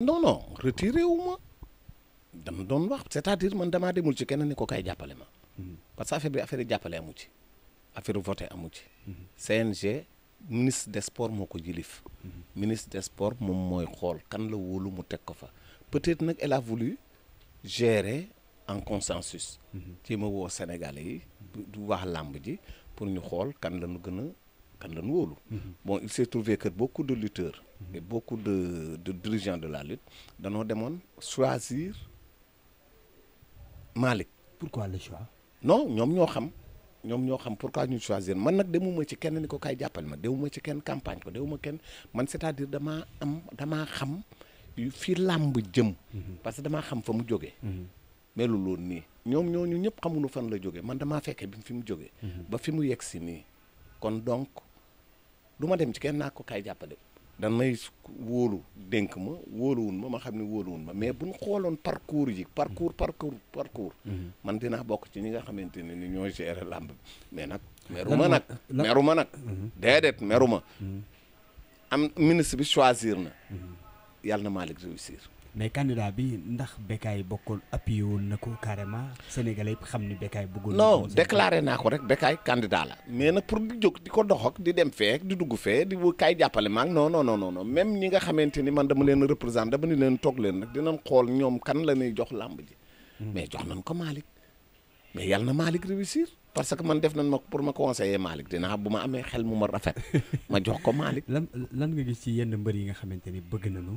non non retiré vous c'est-à-dire man ne ci ko kay parce que affaire bi affaire ci. affaire voté CNG ministre des sports moo jilif. ministre des sports moom kan la mu peut-être qu'elle a voulu gérer en consensus. ci Sénégalais du pour bon il s'est trouvé que beaucoup de lutteurs. Mhm. et beaucoup de, de dirigeants de la lutte dañoo demoon choisir Malik. pourquoi le choix. non ñoom ñoo xam ñom ñoo xam pourquoi ñu choisir man nak demuma ci kenn ni ko kay jappal ma demuma ci kenn campagne ko demuma kenn man c'est-à-dire dama am dama xam fi lamb jëm. Mhm. parce que dama xam fa mu jógee. Mhm. melul woon nii ñoom ñooñu ñëpp xamuñu fan la joggé man dama fekkee bi fi mu jógee. ba fi mu yegg si kon donc duma dem ci kenn nak ko kay jàppale. dan may wóolu dénk ma wóoluwun ma ma xam ne wóoluwun ma mais bu ñu xooloon parcours yi parcours parcours parcours mhm. man dinaa bokk ci ñi nga xamante ne ni ñoo gérer làmb bi mais nag meruma nag meruma nag mhm. déedéet meruma mhm. am ministre bi choisir na yàlla na Malick réussir mais candidat bi ndax Bécaye bokkul appuyé woon na ko carrément sénégalais yëpp xam ni Bécaye bëggoon non déclaré naa ko rek Bécaye kandidaa la mais nag pour di jóg di ko dox ak di dem fee di dugg fee di bu kaay jàppale maag non non non non même ñi nga xamante ni man dama leen représenté dama ni leen toog leen nag dinañ xool ñoom kan la ñuy jox làmb ji hmm. mais jox nañ ko Malick mais yàlla na Malick réussir parce que man def nañ ma pour ma conseiller Malick dinaa bu ma amee xel mu ma rafet ma jox ko Malick lan lan nga gis ci mbër yi nga xamante ni bëgg nañu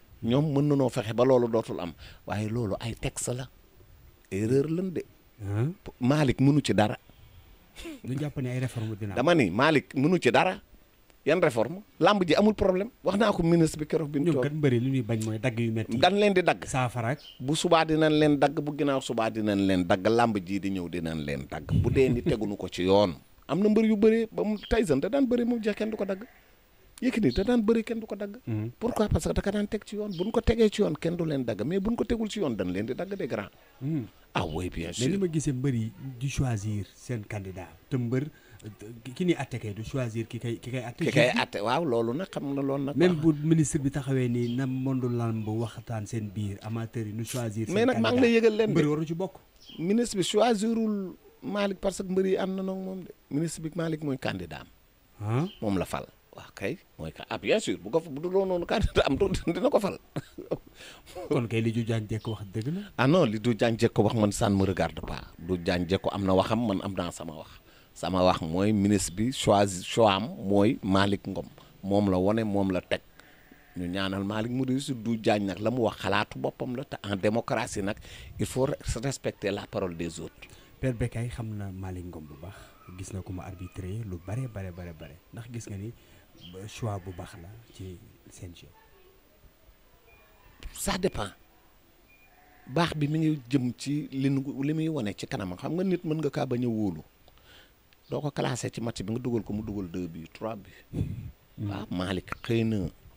ñoom mën na noo fexe ba loolu dootul am waaye loolu ay texte la erreur lan de. Malick mënu ci dara. ñu jàpp ne ay réforme dina dama ni Malick mënu ci dara. yan réforme lamb ji amul problème wax naa ko ministre bi keroog bi mu toog ñoom ñuy bañ mooy dagg yu metti dan leen di dagg saafara bu subaa dinañ leen dagg bu ginaaw subaa dinañ leen dagg lamb jii di ñëw dinañ leen dagg bu dee ni tegunu ko ci yoon am na mbër yu bëree ba mu Tyson da daan bëree mu jeex kenn du ko dagg Yékini da daan bëri kenn du ko dagg. Mhm. pourquoi parce que da ka daan teg ci yoon bu ñu ko tegee ci yoon kenn leen dagg mais bu ñu ko di dagg des grands. Mhm. ah oui li ma gisee mbër yi di choisir seen candidat te mbër ki ni atte kay du choisir ki kay ki kay atte ki waaw loolu na xam na lool nag même bu ministre bi taxawee nii na mondu lamb waxtaan seen biir amateur yi nu choisir mais nag maa ngi lay yëgal leen mbër waru ci bokk ministre bi choisirul Malick parce que mbër yi am na noonu moom de ministre bi Malick mooy candidat am moom la fal waaw kay mooy ah bien sûr bu ko bu du loo noonu candidat am dina ko fal. kon kay du jaan wax dëgg la. ah non li du jaan jekko wax man ça ne me regarde pas du jaan jekko am na waxam man am naa sama wax sama wax mooy ministre bi choisi choix am mooy Malick Ngom moom la wone moom la teg ñu ñaanal Malick mu réussir du jaañ nag la mu wax xalaatu boppam la te en démocratie nag il faut respecter la parole des autres. Père Bécaye xam na Malick Ngom bu baax gis na ko mu arbitré lu bare bare bare bare ndax gis nga ni. choix bu baax la ci seen jeu. ça dépend baax bi mu ngi jëm ci li li muy wane ci kanam xam nga nit mën nga kaa ba ñëw wóolu doo ko classé ci match bi nga dugal ko mu dugal deux bi trois bi. Hmm. waaw Malick xëy na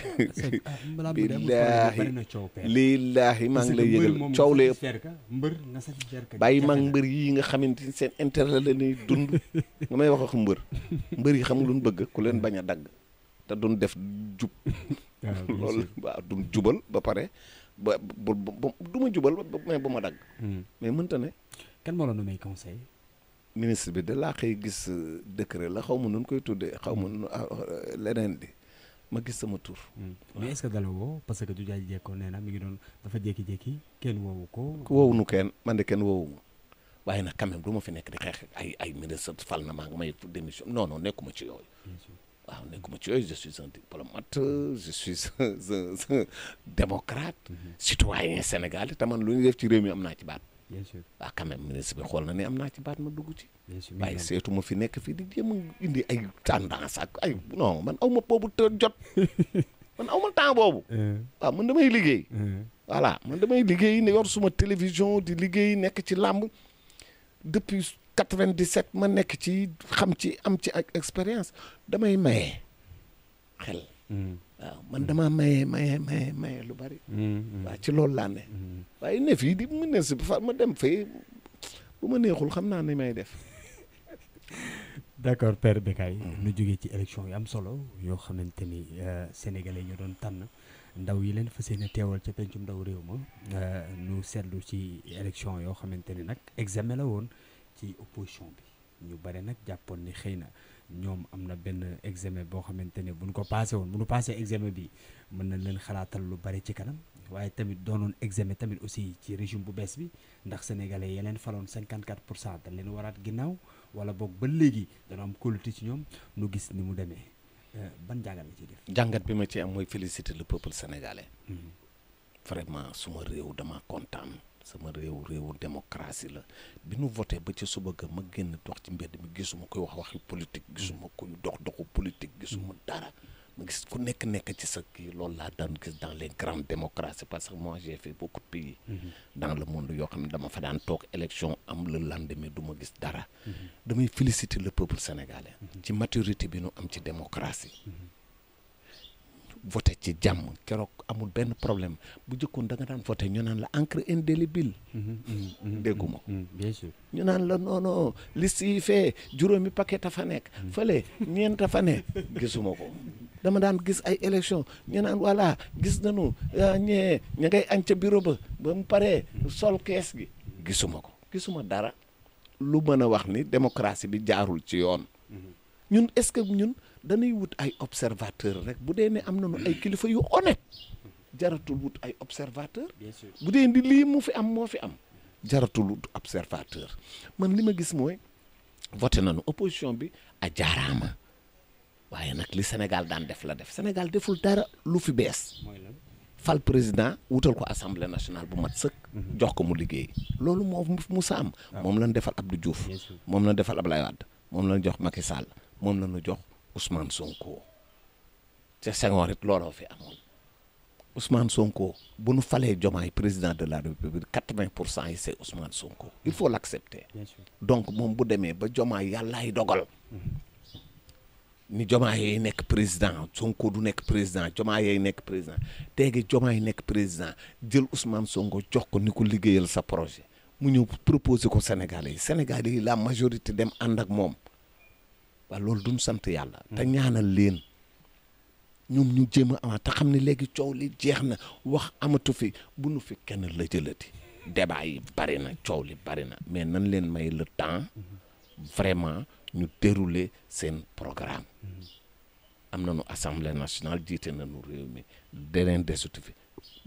Ah, lillaahi maa ngi lay yëgal coow lee bàyyi mag mbër yi nga xamante ni seen intérêt la ñuy dund nga may wax wax mbër mbër yi xam nga lu bëgg ku leen bañ a dagg te duñ def jub ah, loolu waaw duñ jubal ba pare ba bu du ma jubal mais bu ma dagg hmm. mais mënta ne kenn moo la nu may conseil ministre bi da laa xëy gis euh, décret la xaw ma nun koy tuddee xaw ma ah, euh, leneen di ma gis sama tur. Hmm. mais est-ce parce que du jaay jekkoon nee na mi ngi doon dafa jékki-jékki kenn woowu ko. woowu nu kenn man de kenn woowu waaye nag quand même du ma fi nekk di xeex ay ay ministre fal na maa ngi may démission non non nekkuma ci yooyu. waaw nekkuma ci yooyu je suis un diplomate mat suis un démocrate. Mhm. citoyen sénégalais te man lu ñu def ci réew mi am naa ci baat. bien sûr waaw quand xool na ne am naa ci baat ma dugg ci. bien sûr waaye seetu ma fi nekk fii di jéem a indi ay tendance ak ay non man aw ma boobu te jot man aw ma temps boobu. Eh. waaw man damay liggéey. Eh. voilà man damay liggéey ne yor suma télévision di liggéey nekk ci làmb depuis 97 ma nekk ci xam ci am ci ak expérience damay maye xel. Hmm. waaw man damaa maye maye maye maye lu bari. Hmm, hmm. waaw ci loolu laa waaye ne fii di mu ne fa ma dem fee bu ma neexul xam naa ni may def. d'accord Père Bécaye nu mm-hmm. jógee ci élection yi am solo yoo xamante ni euh, sénégalais ñu doon tànn ndaw yi leen fas yéene teewal ca pencum ndaw réew ma nu euh, seetlu ci élection yoo xamante ni nag examen la woon ci opposition bi ñu bare nag jàppoon ni xëy na ñoom am na benn examen boo xamante ni buñ ko passé woon bu passé examen bi mën na leen xalaatal lu bari ci kanam waaye tamit doonoon examen tamit aussi ci régime bu bees bi ndax sénégalais yi leen faloon 54 pour cent leen waraat ginnaaw wala boog ba léegi dana am kóolute ci ñoom nu gis ni mu demee euh, ban jàngat la ci def. jàngat bi ma ci am mooy féliciter le peuple sénégalais. Hmm. vraiment suma réew dama kontaan sama réew réewu démocratie la bi nu voté ba ci suba ga ma génn dox ci mbedd mi gisuma koy wax waxi politique gisuma hmm. koy dox doxu politique gisuma hmm. ku nekk nekk ci sa kii daan dans les grandes démocraties parce que moi j'ai fait beaucoup de pays mm-hmm. dans le monde yoo xam ne dama fa daan toog élection am le lendemain du ma gis dara mm-hmm. damay féliciter le peuple sénégalais mm-hmm. ci maturité bi nu am ci démocratie Voter ci jàmm kérok amul ben problème bu jëkkoon da nga daan voté ñu naan la encre indélébile. dégguma bien sûr ñu naan la non non liste yi fee juróomi paquet ta fa nekk. fële ñeent a fa nekk gisuma ko. dama daan gis ay élection ñu naan voilà gis nañu ya ñee ña ngay añ ca bureau ba ba mu paree sol kees gi gisuma ko gisuma dara lu mën a wax ni démocratie bi jaarul ci yoon mm-hmm. ñun est ce que ñun dañuy wut ay observateur rek bu dee ne am nañu ay kilifa yu honnête jaratul wut ay observateur bu dee ni lii mu fi am moo fi am jaratul wut observateur man li ma gis mooy voté nañu opposition bi a jaaraama waaye nag li Sénégal daan def la def Sénégal deful dara lu fi bees. fal président wutal ko assemblée nationale bu mat sëkk. Mhm. jox ko mu liggéey. loolu moo Moussa am. Ah. moom lañ defal Abdou Diouf. moom lañ defal la Wade moom lañ jox Macky Sall moom lañ jox Ousmane Sonko. te Senghor it looloo fi amoon Ousmane Sonko bu nu falee Diomaye président de la République quatre-vingts pour cent yi c'est Ousmane Sonko il faut l'accepter. donc moom bu demee ba Diomaye yàllaay dogal. Mhm. ni Diomaye yee nekk président Sonko du nekk président Diomaye yee nekk président teegi Diomaye nekk président jël Ousmane Sonko jox ko ni ko liggéeyal sa projet mu ñëw proposé ko Sénégalais yi Sénégalais yi la majorité dem ànd ak moom waaw loolu duñ sant yàlla. Mm. te ñaanal leen ñoom ñu jéem a amaat te xam ne léegi coow li jeex na wax amatu fi bu nu fi kenn la jëlati. débat yi bari na coow li bari na mais nan leen may le temps mm-hmm. vraiment. nous dérouler ce programme Nous avons assemblée nationale qui nous réunit.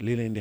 réunis li di